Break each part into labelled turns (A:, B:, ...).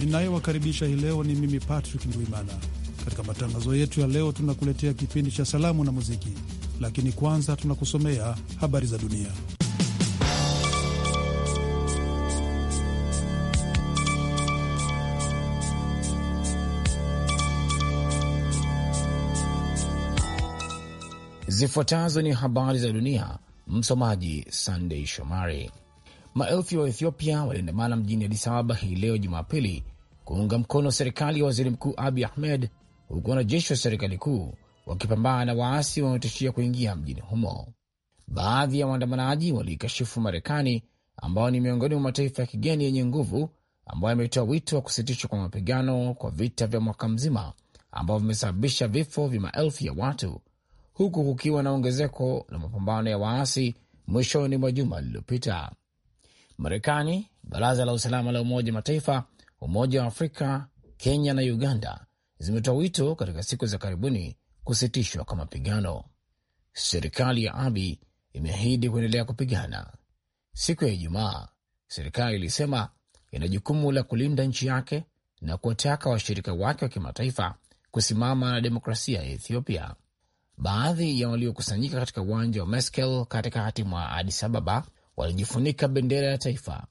A: ninayewakaribisha hii leo ni mimi Patrick Ndwimana. Katika matangazo yetu ya leo, tunakuletea kipindi cha salamu na muziki, lakini kwanza tunakusomea habari za dunia.
B: Zifuatazo ni habari za dunia. Msomaji Sandei Shomari. Maelfu ya Waethiopia waliandamana mjini Adis Ababa hii leo Jumapili kuunga mkono serikali ya waziri mkuu Abi Ahmed, huku wanajeshi wa serikali kuu wakipambana na waasi wanaotishia kuingia mjini humo. Baadhi ya waandamanaji waliikashifu Marekani, ambao ni miongoni mwa mataifa ya kigeni yenye nguvu ambayo ametoa wito wa kusitishwa kwa mapigano kwa vita vya mwaka mzima ambavyo vimesababisha vifo vya maelfu ya watu huku kukiwa na ongezeko la mapambano ya waasi mwishoni mwa juma lililopita. Marekani, Baraza la Usalama la Umoja Mataifa, Umoja wa Afrika, Kenya na Uganda zimetoa wito katika siku za karibuni kusitishwa kwa mapigano. Serikali ya Abi imeahidi kuendelea kupigana. Siku ya Ijumaa, serikali ilisema ina jukumu la kulinda nchi yake na kuwataka washirika wake wa kimataifa kusimama na demokrasia ya Ethiopia. Baadhi ya waliokusanyika katika uwanja wa Meskel katikati mwa Adis Ababa walijifunika bendera ya taifa.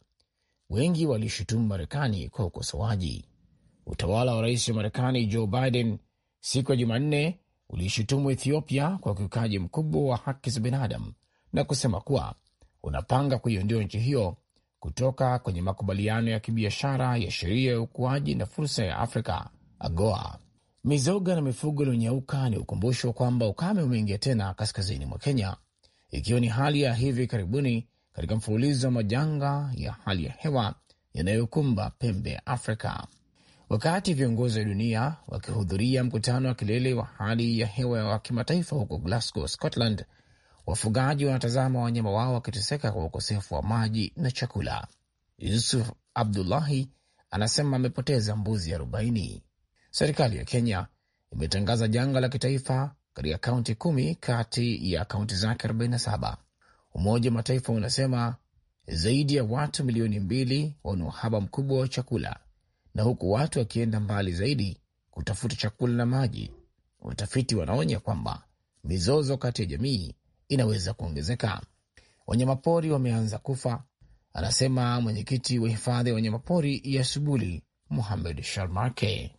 B: Wengi walishutumu Marekani kwa ukosoaji. Utawala wa rais wa Marekani Joe Biden siku ya Jumanne uliishutumu Ethiopia kwa ukiukaji mkubwa wa haki za binadamu na kusema kuwa unapanga kuiondoa nchi hiyo kutoka kwenye makubaliano ya kibiashara ya sheria ya ukuaji na fursa ya Afrika, AGOA. Mizoga na mifugo iliyonyauka ni ukumbusho kwamba ukame umeingia tena kaskazini mwa Kenya, ikiwa ni hali ya hivi karibuni katika mfululizo wa majanga ya hali ya hewa yanayokumba pembe ya Afrika. Wakati viongozi wa dunia wakihudhuria mkutano wa kilele wa hali ya hewa wa kimataifa huko Glasgow, Scotland, wafugaji wanatazama wanyama wao wakiteseka kwa ukosefu wa maji na chakula. Yusuf Abdullahi anasema amepoteza mbuzi arobaini. Serikali ya Kenya imetangaza janga la kitaifa katika kaunti kumi kati ya kaunti zake 47. Umoja wa Mataifa unasema zaidi ya watu milioni mbili wana uhaba mkubwa wa chakula, na huku watu wakienda mbali zaidi kutafuta chakula na maji. Watafiti wanaonya kwamba mizozo kati ya jamii inaweza kuongezeka. Wanyamapori wameanza kufa, anasema mwenyekiti wa hifadhi ya wanyamapori ya subuli Muhamed Sharmake.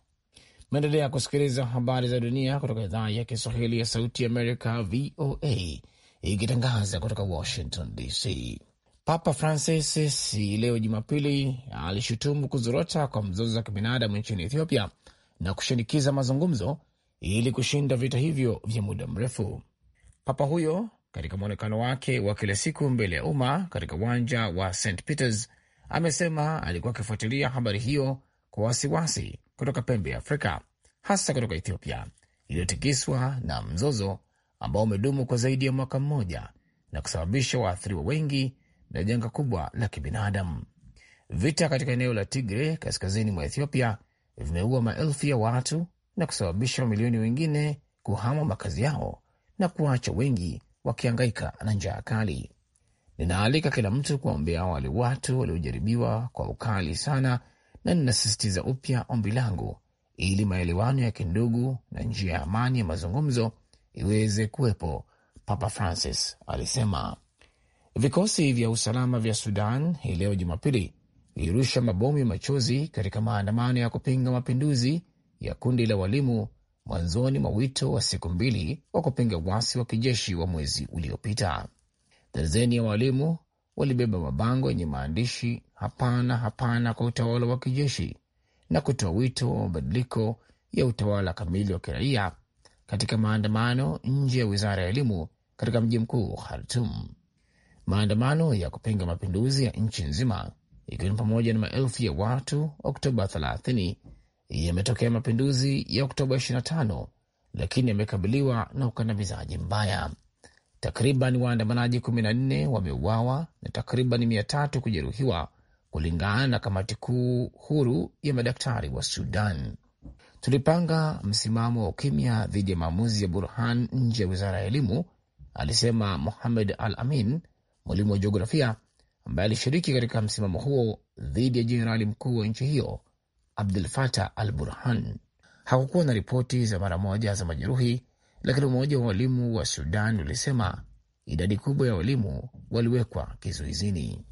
B: Maendelea kusikiliza habari za dunia kutoka idhaa ya Kiswahili ya Sauti Amerika, VOA ikitangaza kutoka Washington DC. Papa Francis leo Jumapili alishutumu kuzorota kwa mzozo wa kibinadamu nchini Ethiopia na kushinikiza mazungumzo ili kushinda vita hivyo vya muda mrefu. Papa huyo katika mwonekano wake wa kila siku mbele ya umma katika uwanja wa St Peters amesema alikuwa akifuatilia habari hiyo kwa wasiwasi kutoka pembe ya Afrika, hasa kutoka Ethiopia iliyotikiswa na mzozo ambao umedumu kwa zaidi ya mwaka mmoja na kusababisha waathiriwa wengi na janga kubwa la kibinadamu. Vita katika eneo la Tigre kaskazini mwa Ethiopia vimeua maelfu ya watu na kusababisha mamilioni wengine kuhama makazi yao na kuwacha wengi wakiangaika na njaa kali. Ninaalika kila mtu kuwaombea wale watu waliojaribiwa kwa ukali sana, na ninasisitiza upya ombi langu ili maelewano ya kindugu na njia ya amani ya mazungumzo iweze kuwepo, Papa Francis alisema. Vikosi vya usalama vya Sudan hii leo Jumapili vilirusha mabomu ya machozi katika maandamano ya kupinga mapinduzi ya kundi la walimu mwanzoni mwa wito wa siku mbili wa kupinga uasi wa kijeshi wa mwezi uliopita. Darzeni ya walimu walibeba mabango yenye maandishi hapana, hapana kwa utawala wa kijeshi na kutoa wito wa mabadiliko ya utawala kamili wa kiraia katika maandamano nje ya wizara ya elimu katika mji mkuu Khartum. Maandamano ya kupinga mapinduzi ya nchi nzima, ikiwa ni pamoja na maelfu ya watu Oktoba 30 yametokea mapinduzi ya Oktoba 25, lakini yamekabiliwa na ukandamizaji mbaya. Takriban waandamanaji 14 wameuawa na takriban 300 kujeruhiwa kulingana na kamati kuu huru ya madaktari wa Sudan tulipanga msimamo wa ukimya dhidi ya maamuzi ya Burhan nje ya wizara ya elimu, alisema muhamed Al Amin, mwalimu wa jiografia ambaye alishiriki katika msimamo huo dhidi ya jenerali mkuu wa nchi hiyo Abdul Fatah Al Burhan. Hakukuwa na ripoti za mara moja za majeruhi, lakini umoja wa walimu wa Sudan ulisema idadi kubwa ya walimu waliwekwa kizuizini.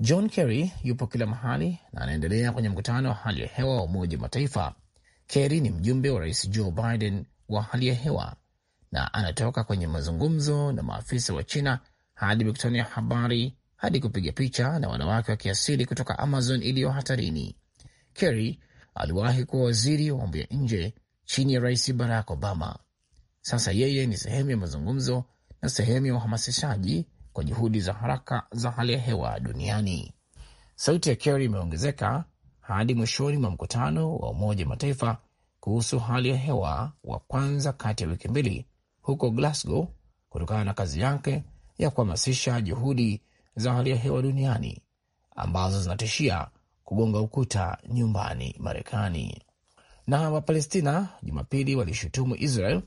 B: John Kerry yupo kila mahali na anaendelea kwenye mkutano wa hali ya hewa wa Umoja wa Mataifa Kerry ni mjumbe wa rais Joe Biden wa hali ya hewa na anatoka kwenye mazungumzo na maafisa wa China hadi mikutano ya habari hadi kupiga picha na wanawake wa kiasili kutoka Amazon iliyo hatarini. Kerry aliwahi kuwa waziri wa mambo ya nje chini ya rais Barack Obama. Sasa yeye ni sehemu ya mazungumzo na sehemu ya uhamasishaji kwa juhudi za haraka za hali ya hewa duniani. Sauti ya Kerry imeongezeka hadi mwishoni mwa mkutano wa Umoja Mataifa kuhusu hali ya hewa wa kwanza kati ya wiki mbili huko Glasgow, kutokana na kazi yake ya kuhamasisha juhudi za hali ya hewa duniani ambazo zinatishia kugonga ukuta nyumbani Marekani. Na Wapalestina Jumapili walishutumu Israel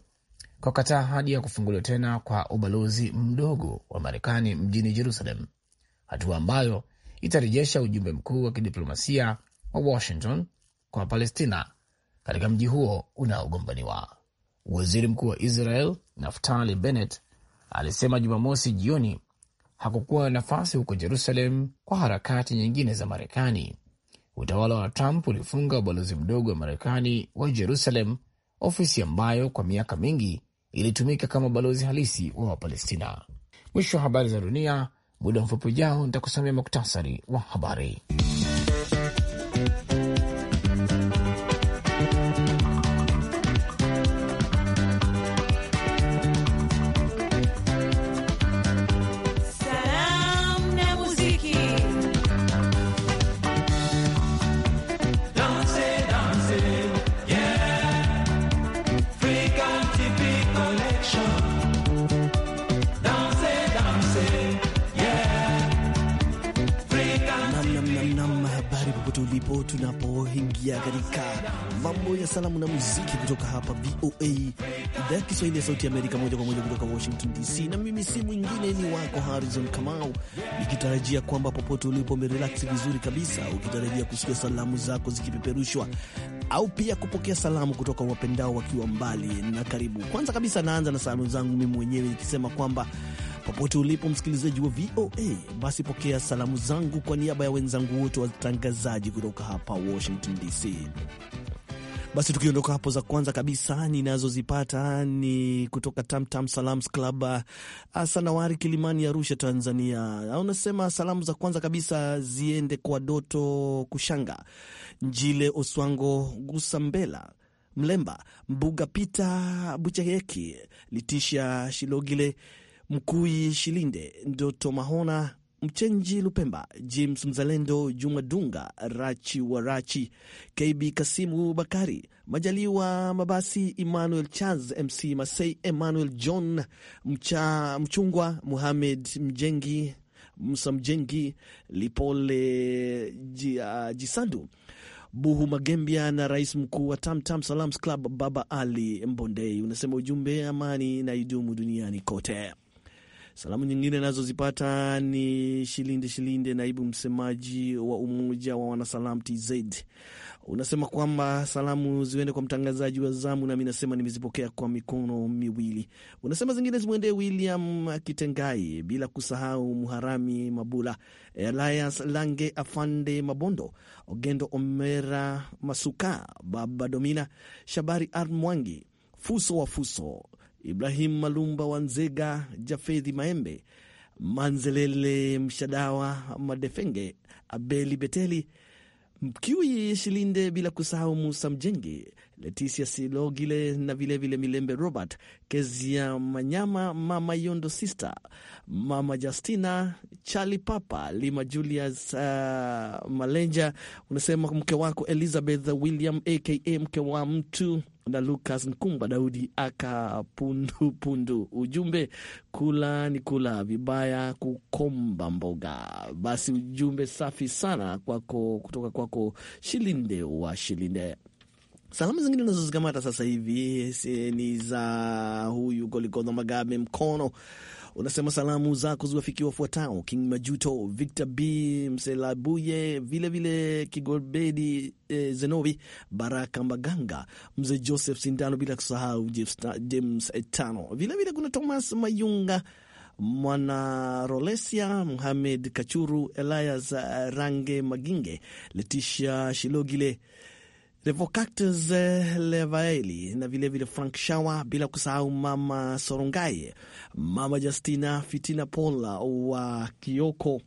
B: kwa kataa hadi ya kufunguliwa tena kwa ubalozi mdogo wa Marekani mjini Jerusalem, hatua ambayo itarejesha ujumbe mkuu wa kidiplomasia wa Washington kwa Wapalestina katika mji huo unaogombaniwa. Waziri mkuu wa Israel Naftali Bennett alisema Jumamosi jioni hakukuwa na nafasi huko Jerusalem kwa harakati nyingine za Marekani. Utawala wa Trump ulifunga ubalozi mdogo wa Marekani wa Jerusalem, ofisi ambayo kwa miaka mingi ilitumika kama balozi halisi wa Wapalestina. Mwisho wa habari za dunia. Muda mfupi ujao nitakusomea muktasari wa habari.
C: kuingia katika mambo ya salamu na muziki kutoka hapa VOA idhaa ya Kiswahili ya Sauti Amerika, moja kwa moja kutoka Washington DC. Na mimi si mwingine ni wako Harrison Kamau, nikitarajia kwamba popote ulipo umerelax vizuri kabisa, ukitarajia kusikia salamu zako zikipeperushwa au pia kupokea salamu kutoka wapendao wakiwa mbali na karibu. Kwanza kabisa naanza na salamu zangu mimi mwenyewe nikisema kwamba Popote ulipo msikilizaji wa VOA, basi pokea salamu zangu kwa niaba ya wenzangu wote watangazaji kutoka hapa Washington DC. Basi tukiondoka hapo, za kwanza kabisa ninazozipata ni kutoka Tamtam Salams Club, Asanawari uh, Kilimani, Arusha, Tanzania. Unasema salamu za kwanza kabisa ziende kwa Doto Kushanga, Njile Oswango, Gusambela Mlemba, Mbuga Pita Buchaheki, Litisha Shilogile Mkui Shilinde, Ndoto Mahona, Mchenji Lupemba, James Mzalendo, Juma Dunga, Rachi Warachi, KB Kasimu Bakari, Majaliwa Mabasi, Emmanuel Charles, MC Masei, Emmanuel John Mcha, Mchungwa, Muhamed Mjengi, Musa Mjengi, Lipole uh, Jisandu, Buhu Magembia na rais mkuu wa Tamtam Salams Club Baba Ali Mbondei. Unasema ujumbe, amani na idumu duniani kote. Salamu nyingine nazozipata ni Shilinde Shilinde, naibu msemaji wa Umoja wa Wanasalamu TZ, unasema kwamba salamu ziende kwa mtangazaji wa zamu, nami nasema nimezipokea kwa mikono miwili. Unasema zingine zimwendee William Kitengai, bila kusahau Muharami Mabula, Elias Lange, Afande Mabondo, Ogendo Omera Masuka, Baba Domina, Shabari Armwangi, Fuso wa Fuso, Ibrahim Malumba wa Nzega, Jafedhi Maembe, Manzelele Mshadawa, Madefenge, Abeli Beteli, Mkiwi Shilinde, bila kusahau Musa Mjenge, Leticia Silogile na vilevile Milembe Robert, Kezia Manyama, Mama Yondo, Sister Mama Justina, Charli Papa Lima, Julius uh, Malenja. Unasema mke wako Elizabeth William aka mke wa mtu na Lucas Nkumba Daudi aka pundu pundu. Ujumbe kula ni kula vibaya kukomba mboga. Basi ujumbe safi sana kwako, kutoka kwako Shilinde wa Shilinde. Salamu zingine nazozikamata sasa hivi ni za huyu Goligodha Magabe Mkono. Unasema salamu zako ziwafikia wafuatao: King Majuto, Victor B Mselabuye, vilevile Kigobedi e, eh, Zenobi Baraka Maganga, mzee Joseph Sindano, bila kusahau James Etano. Vilevile kuna Thomas Mayunga, Mwana Rolesia, Muhamed Kachuru, Elias Range Maginge, Letisha Shilogile The Vocactors eh, Levaeli na vilevile vile Frank Shawa, bila kusahau Mama Sorongai, Mama Justina Fitina Pola wa Kioko,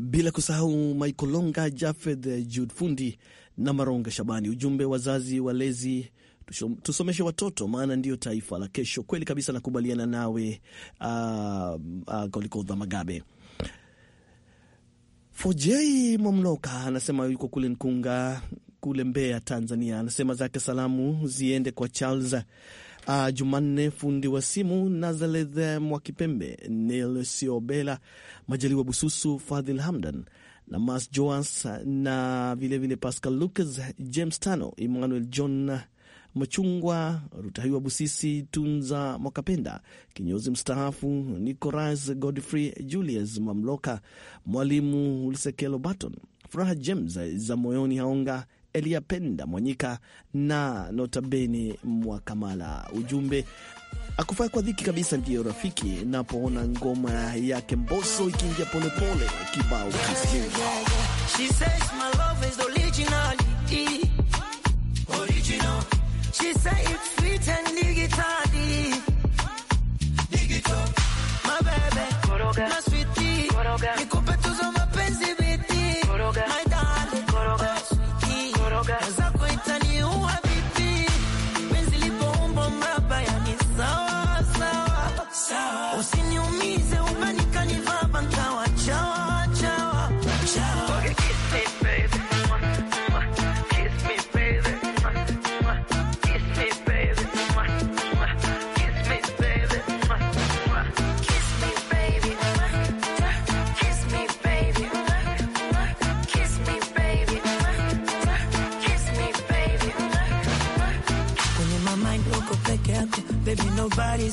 C: bila kusahau Michael Longa, Jafed Jud Fundi na Maronga Shabani. Ujumbe wazazi walezi tusomeshe watoto maana ndio taifa la kesho. Kweli kabisa, nakubaliana nawe um, uh, uh, Golikodha Magabe. 4J Mamloka anasema yuko kule Nkunga kule Mbeya, Tanzania. Anasema zake salamu ziende kwa Charles uh, Jumanne fundi wa simu, Nazareth uh, Mwakipembe, Nel Siobela, Majaliwa Bususu, Fadhil Hamdan na Mas Joas na vilevile Pascal Lucas, James Tano, Emmanuel John Machungwa Rutahiwa Busisi, Tunza Mwakapenda, kinyozi mstaafu Nicolas Godfrey Julius Mamloka, Mwalimu Ulisekelo Baton, Furaha James za moyoni Haonga, Elia Penda Mwanyika na Notabeni Mwakamala. Ujumbe akufaa kwa dhiki kabisa, ndiyo rafiki napoona ngoma yake Mboso ikiingia polepole kibao kisiwa
D: sweet and My baby,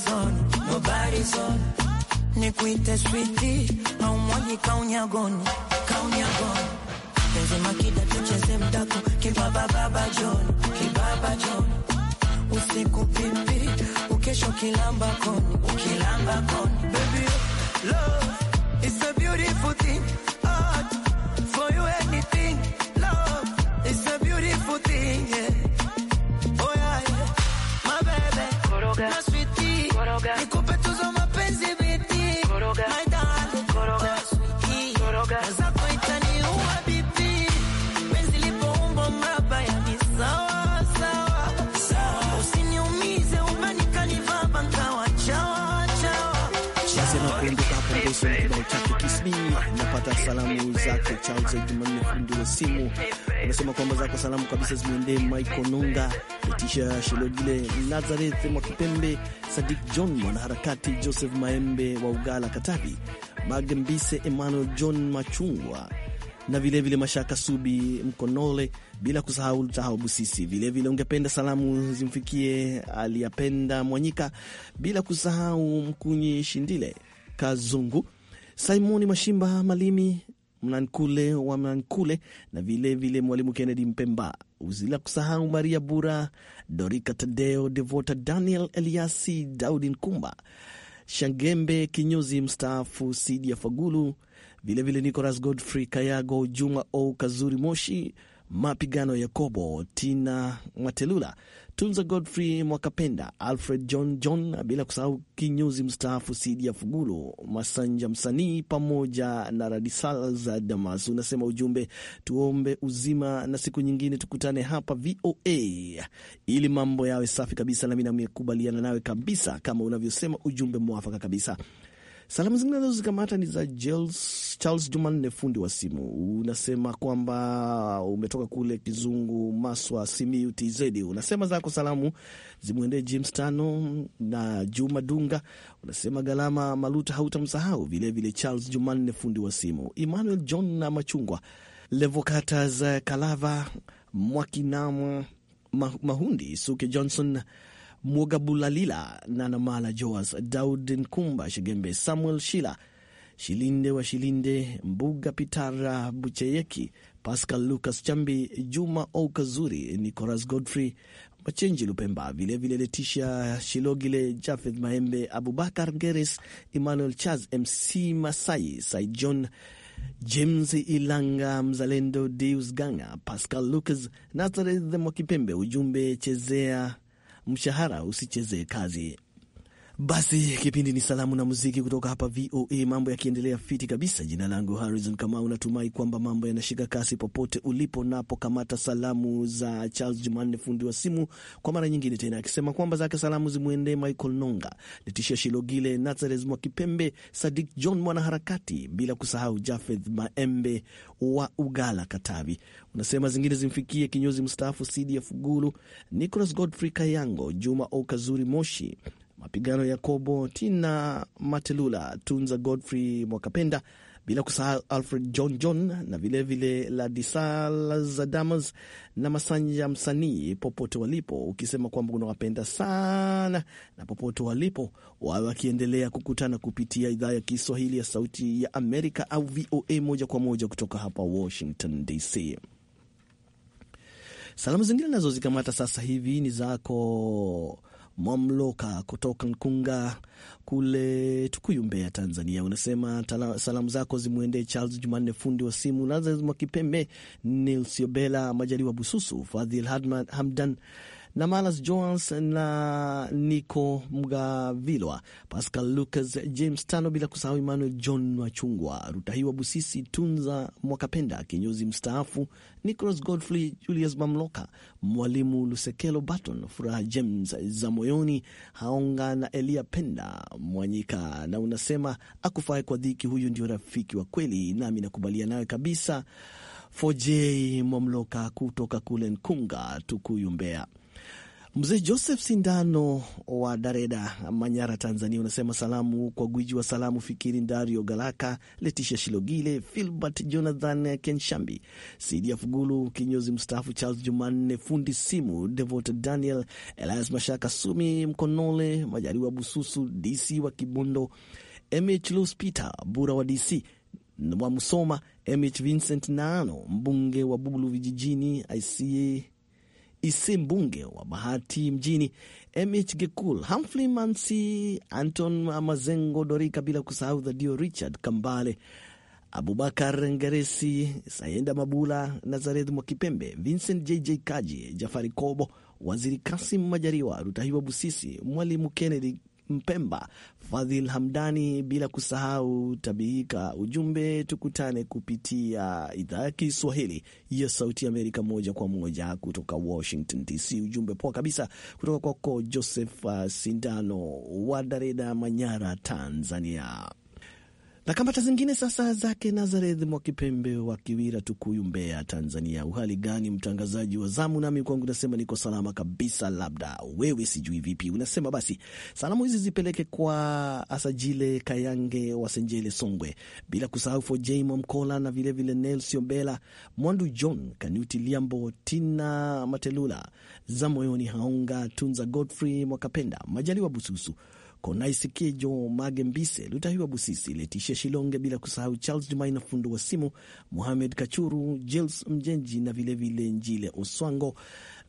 D: nobody's on, nobody's on. Nikuite switi au mwaji kaunyagoni, kaunyagoni. Tazama kida tucheze mdako, kibaba baba John, kibaba John. Usiku pipi, ukesho kilamba koni, ukilamba koni. Baby, love, it's a beautiful thing. Art, for you anything. Love, it's a beautiful thing, yeah.
C: kuondoka hapo na kibao chake Napata salamu zake Charles Jumanne, fundi wa simu, amesema kwamba zako salamu kabisa Michael Letisha Nazareth Mwakipembe, Sadik John mwanaharakati, Joseph Maembe wa Ugala Katavi, Magembise Emmanuel John Machungwa na vilevile vile Mashaka Subi Mkonole, bila kusahau Lutahau Busisi. Vilevile ungependa salamu zimfikie Aliyapenda Mwanyika, bila kusahau Mkunyi Shindile Kazungu, Simoni Mashimba Malimi, Mnankule wa Mnankule na vilevile vile Mwalimu Kennedy Mpemba, uzila kusahau Maria Bura, Dorika Tadeo, Devota Daniel, Eliasi Daudi Nkumba, Shangembe kinyozi mstaafu, Sidia Fagulu, vilevile Nicolas Godfrey Kayago, Juma O Kazuri Moshi Mapigano Yakobo, Tina Mwatelula, Tunza Godfrey Mwakapenda, Alfred John John, bila kusahau kinyozi mstaafu sidi ya Fugulu Masanja msanii pamoja na Radisal za Damas. Unasema ujumbe, tuombe uzima na siku nyingine tukutane hapa VOA ili mambo yawe safi kabisa. Nami namekubaliana nawe kabisa, kama unavyosema, ujumbe mwafaka kabisa. Salamu zingine nazozikamata ni za Jels, Charles Jumanne, fundi wa simu. Unasema kwamba umetoka kule Kizungu, Maswa, Simiu, TZ. Unasema zako salamu zimwendee James Tano na Juma Dunga. Unasema Galama Maluta hautamsahau vilevile, Charles Jumanne, fundi wa simu, Emmanuel John na Machungwa, Levokatas Kalava, Mwakinama Mahundi Suke Johnson Mwogabulalila Nanamala, Joas Daud Nkumba, Shigembe Samuel Shila, Shilinde wa Shilinde, Mbuga Pitara Bucheyeki, Pascal Lucas Chambi, Juma Oukazuri, Nicolas Godfrey Wachenji Lupemba, vilevile Letisha Shilogile, Jafeth Maembe, Abubakar Geres, Emmanuel Charles, MC Masai, Said John James Ilanga, Mzalendo Deus Ganga, Pascal Lucas, Nazareth Mwakipembe. Ujumbe chezea mshahara usichezee kazi. Basi kipindi ni salamu na muziki kutoka hapa VOA, mambo yakiendelea fiti kabisa. Jina langu Harrison Kamau, natumai kwamba mambo yanashika kasi popote ulipo. Napo kamata salamu za Charles Jumanne, fundi wa simu, kwa mara nyingine tena akisema kwamba zake salamu zimwendee Michael Nonga, Letisha Shilogile, Nazares Mwakipembe, Sadik John mwanaharakati, bila kusahau Jafeth Maembe wa Ugala, Katavi. Unasema zingine zimfikie kinyozi mstaafu Sidi ya Fugulu, Nicolas Godfrey Kayango, Juma Okazuri Moshi mapigano ya Kobo, Tina Matelula, Tunza Godfrey Mwakapenda, bila kusahau Alfred John John na vilevile ladisala Adamas na Masanja msanii popote walipo, ukisema kwamba unawapenda sana na popote walipo wawe wakiendelea kukutana kupitia idhaa ya Kiswahili ya Sauti ya Amerika au VOA moja kwa moja kutoka hapa Washington DC. Salamu zingine nazozikamata sasa hivi ni zako Mwamloka kutoka Nkunga kule Tukuyu, Mbeya, Tanzania. Unasema tala, salamu zako zimwendee Charles Jumanne, fundi wa simu, Nazareth Mwakipembe, Majaliwa, Bususu Fadhil Hamdan na Malas Jones na Nico Mgavilwa, Pascal Lucas, James Tano, bila kusahau Emmanuel John Wachungwa, Rutahiwa Busisi, Tunza Mwakapenda kinyozi mstaafu, Nicolas Godfrey, Julius Mamloka, Mwalimu Lusekelo Baton, Furaha James za moyoni, Haonga na Elia Penda Mwanyika, na unasema akufae kwa dhiki, huyu ndio rafiki wa kweli, nami nakubalia nawe kabisa. Foj mamloka kutoka kule Nkunga, Tukuyu, Mbeya. Mzee Joseph Sindano wa Dareda, Manyara, Tanzania, unasema salamu kwa gwiji wa salamu Fikiri Ndario Galaka, Letisha Shilogile, Filbert Jonathan Kenshambi, Sidia Fugulu, kinyozi mstaafu Charles Jumanne, fundi simu Devota Daniel, Elias Mashaka, Sumi Mkonole, Majariwa Bususu, DC wa Kibondo, Mh Lus Peter Bura wa DC wa Musoma, Mh Vincent Naano, mbunge wa Bubulu vijijini, ICA Ise Mbunge wa Bahati mjini, MH Gekul, Humphrey Mansi, Anton Mazengo Dorika, bila kusahau Thadio Richard Kambale, Abubakar Ngeresi, Sayenda Mabula, Nazareth Mwakipembe, Vincent JJ Kaji, Jafari Kobo, Waziri Kasim majariwa Rutahiwa Busisi, Mwalimu Kennedy Mpemba, Fadhil Hamdani, bila kusahau Tabiika. Ujumbe tukutane kupitia idhaa ya Kiswahili ya Sauti ya Amerika moja kwa moja kutoka Washington DC. Ujumbe poa kabisa kutoka kwako Joseph uh, Sindano wa Dareda, Manyara, Tanzania na kamata zingine sasa zake Nazareth Mwakipembe wa Kiwira, Tukuyu, Mbeya, Tanzania. Uhali gani mtangazaji wa zamu? Nami kwangu nasema niko salama kabisa, labda wewe sijui vipi. Unasema basi salamu hizi zipeleke kwa Asajile Kayange wa Senjele, Songwe, bila kusahau Fojei Mwamkola na vilevile Nelsio Bela Mwandu, John Kanuti Liambo, Tina Matelula za moyoni, Haonga Tunza, Godfrey Mwakapenda, Majaliwa Bususu Konaisikie Jo Mage Mbise, Lutahiwa Busisi, letishe Shilonge, bila kusahau Charles Jumaina Fundu wa Simu, Muhamed Kachuru, Jels Mjenji na vilevile vile Njile Oswango,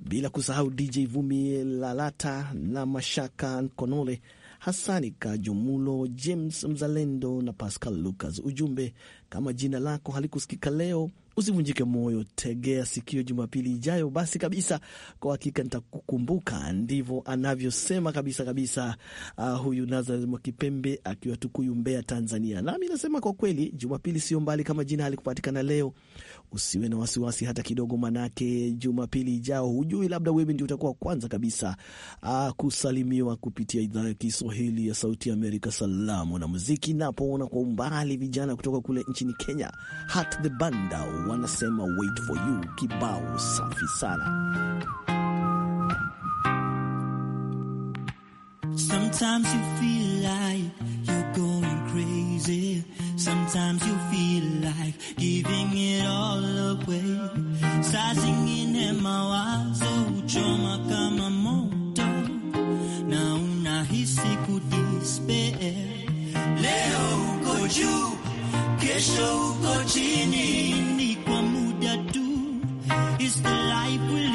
C: bila kusahau DJ Vumi Lalata na Mashaka Nkonole, Hasani Kajumulo, James Mzalendo na Pascal Lucas. Ujumbe, kama jina lako halikusikika leo Usivunjike moyo, tegea sikio Jumapili ijayo. Basi kabisa, kwa hakika nitakukumbuka. Ndivyo anavyosema kabisa kabisa, uh, huyu Nazareth Mwakipembe akiwa Tukuyu, Mbeya, Tanzania. Nami nasema kwa kweli, Jumapili sio mbali kama jina halikupatikana leo. Usiwe na wasiwasi hata kidogo, manake Jumapili ijao hujui, labda wewe ndio utakuwa kwanza kabisa uh, kusalimiwa kupitia idhaa ya Kiswahili ya Sauti ya Amerika, salamu na muziki. Napoona kwa umbali vijana kutoka kule nchini Kenya, Hat the Banda wanasema wait for you, kibao safi sana.
E: Sometimes you feel like you're going crazy. Sometimes you feel like giving it all away. Sasa ingine mawazo uchoma kama moto na unahisi kudispea. Leo uko juu, kesho uko chini the light will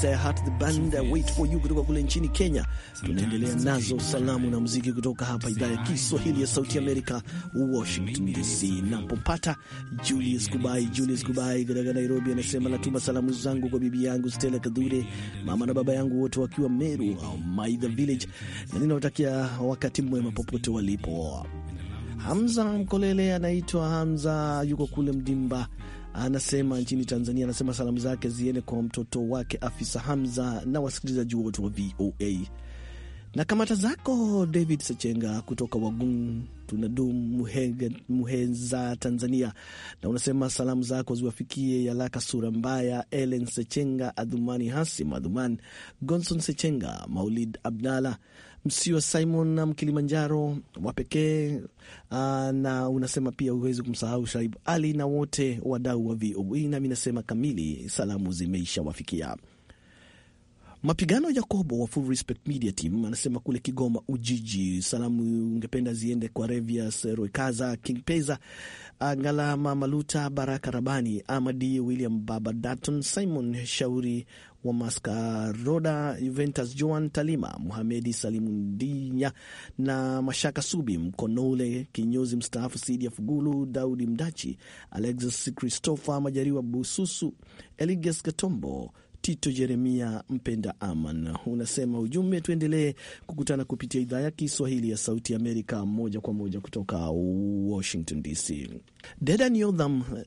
C: kabisa ya Heart the Band Wait for You kutoka kule nchini Kenya. Tunaendelea nazo salamu na muziki kutoka hapa idhaa ya Kiswahili ya Sauti Amerika, Washington DC. Napopata Julius Kubai, Julius Kubai kutoka Nairobi anasema natuma salamu zangu kwa bibi yangu Stella Kadhure, mama na baba yangu wote wakiwa Meru au Maidha Village, na ninawatakia wakati mwema popote walipo. Hamza Mkolele anaitwa Hamza, yuko kule Mdimba anasema nchini Tanzania, anasema salamu zake ziende kwa mtoto wake afisa Hamza na wasikilizaji wote wa VOA na kamata zako David Sechenga kutoka Wagung tunadum Muheza, Tanzania, na unasema salamu zako ziwafikie Yalaka Sura Mbaya, Ellen Sechenga, Adhumani Hasim, Adhuman Gonson Sechenga, Maulid abdalah Msio Simon Mkilimanjaro wa pekee, ah, na unasema pia huwezi kumsahau Shaib Ali na wote wadau wa VOA. E, nami nasema kamili, salamu zimeisha wafikia. Mapigano Yakobo wa Full Respect Media Team anasema kule Kigoma Ujiji, salamu ungependa ziende kwa Revias Roikaza, King Peza, Ngalama Maluta, Baraka Rabani, Amadi William, Baba Daton, Simon Shauri wa Maskaroda, Juventus Joan Talima, Muhamedi Salimu Ndinya na Mashaka Subi Mkonole, kinyozi mstaafu Sidia Fugulu, Daudi Mdachi, Alexis Christopher Majariwa, Bususu Eligas Katombo Tito Jeremia Mpenda Aman unasema ujumbe, tuendelee kukutana kupitia idhaa ya Kiswahili ya Sauti Amerika moja kwa moja kutoka Washington DC. Deda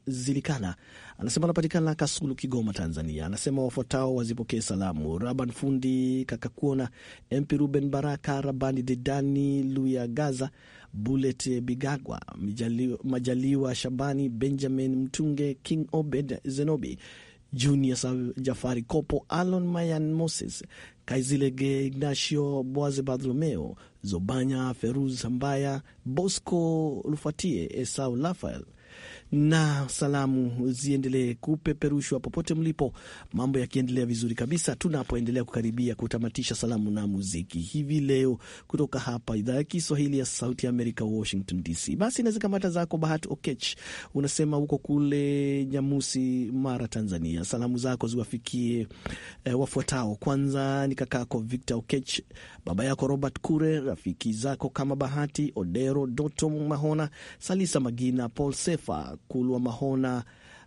C: Zilikana anasema anapatikana Kasulu, Kigoma, Tanzania. Anasema wafuatao wazipokee salamu: Raban Fundi, Kakakuona MP Ruben Baraka, Rabani Dedani Luya Gaza, Bulet Bigagwa, Majaliwa Shabani, Benjamin Mtunge, King Obed Zenobi Junius Jafari Kopo, Alon Mayan, Moses Kaizilege, Ignacio Boaze, Bartholomeo Zobanya, Feruz Sambaya, Bosco Lufatie, Esau Lafael na salamu ziendelee kupeperushwa popote mlipo, mambo yakiendelea vizuri kabisa, tunapoendelea kukaribia kutamatisha salamu na muziki hivi leo kutoka hapa idhaa ya Kiswahili ya Sauti ya Amerika, Washington DC. Basi nazikamata zako Bahati Okech, unasema huko kule Nyamusi, Mara, Tanzania. Salamu zako ziwafikie eh, wafuatao. Kwanza ni kakako Victor Okech, baba yako Robert Kure, rafiki zako kama Bahati Odero, Doto Mahona, Salisa Magina, Paul Sefa Kulwa Mahona,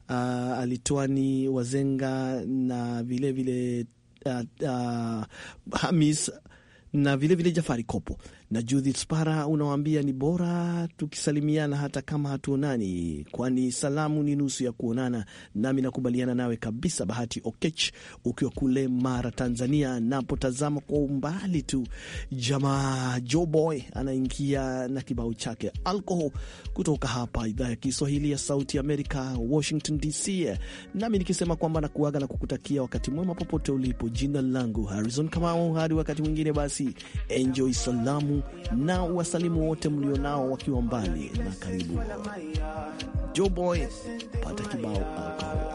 C: uh, Alitwani Wazenga na vilevile vile, uh, uh, Hamis na vilevile vile Jafari Kopo na Judith Spara unawaambia ni bora tukisalimiana hata kama hatuonani, kwani salamu ni nusu ya kuonana. Nami nakubaliana nawe kabisa, Bahati Okech, ukiwa kule Mara, Tanzania. Napotazama kwa umbali tu, jamaa Joboy anaingia na kibao chake alcohol kutoka hapa idhaa ya Kiswahili ya Sauti Amerika, Washington DC, nami nikisema kwamba nakuaga na kukutakia wakati mwema popote ulipo. Jina langu Harrison Kamau, hadi wakati mwingine. Basi enjoy salamu na wasalimu wote mlionao wakiwa mbali na karibu. Joboy
F: pata kibao alcohol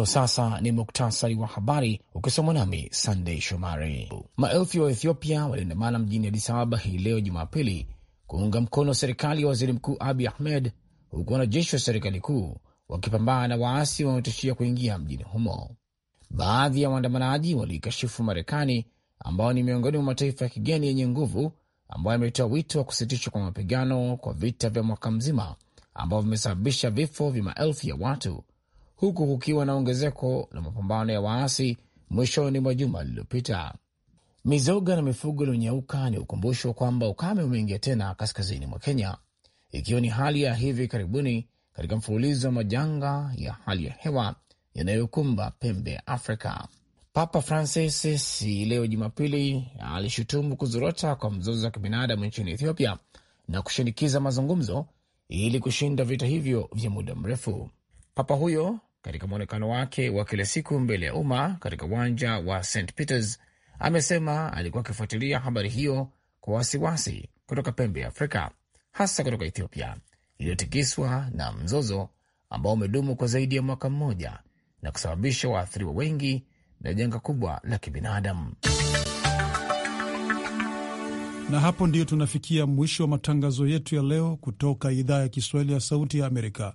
B: Ufuatao sasa ni muktasari wa habari ukisomwa nami Sandei Shomari. Maelfu ya Waethiopia waliandamana mjini Adis Ababa hii leo Jumapili kuunga mkono serikali ya waziri mkuu Abi Ahmed, huku wanajeshi wa serikali kuu wakipambana na waasi wanaotishia kuingia mjini humo. Baadhi ya waandamanaji waliikashifu Marekani, ambao ni miongoni mwa mataifa ya kigeni yenye nguvu ambayo yametoa wito wa kusitishwa kwa mapigano kwa vita vya mwaka mzima ambavyo vimesababisha vifo vya maelfu ya watu huku kukiwa na ongezeko la mapambano ya waasi mwishoni mwa juma lililopita. Mizoga na mifugo iliyonyeuka ni ukumbusho kwamba ukame umeingia tena kaskazini mwa Kenya, ikiwa ni hali ya hivi karibuni katika mfululizo wa majanga ya hali ya hewa yanayokumba pembe ya Afrika. Papa Francis leo Jumapili alishutumu kuzorota kwa mzozo wa kibinadamu nchini Ethiopia na kushinikiza mazungumzo ili kushinda vita hivyo vya muda mrefu. Papa huyo katika mwonekano wake wa kila siku mbele ya umma katika uwanja wa St Peters amesema alikuwa akifuatilia habari hiyo kwa wasiwasi kutoka pembe ya Afrika, hasa kutoka Ethiopia iliyotikiswa na mzozo ambao umedumu kwa zaidi ya mwaka mmoja na kusababisha waathiriwa wengi na
A: janga kubwa la kibinadamu. Na hapo ndiyo tunafikia mwisho wa matangazo yetu ya leo kutoka idhaa ya Kiswahili ya Sauti ya Amerika.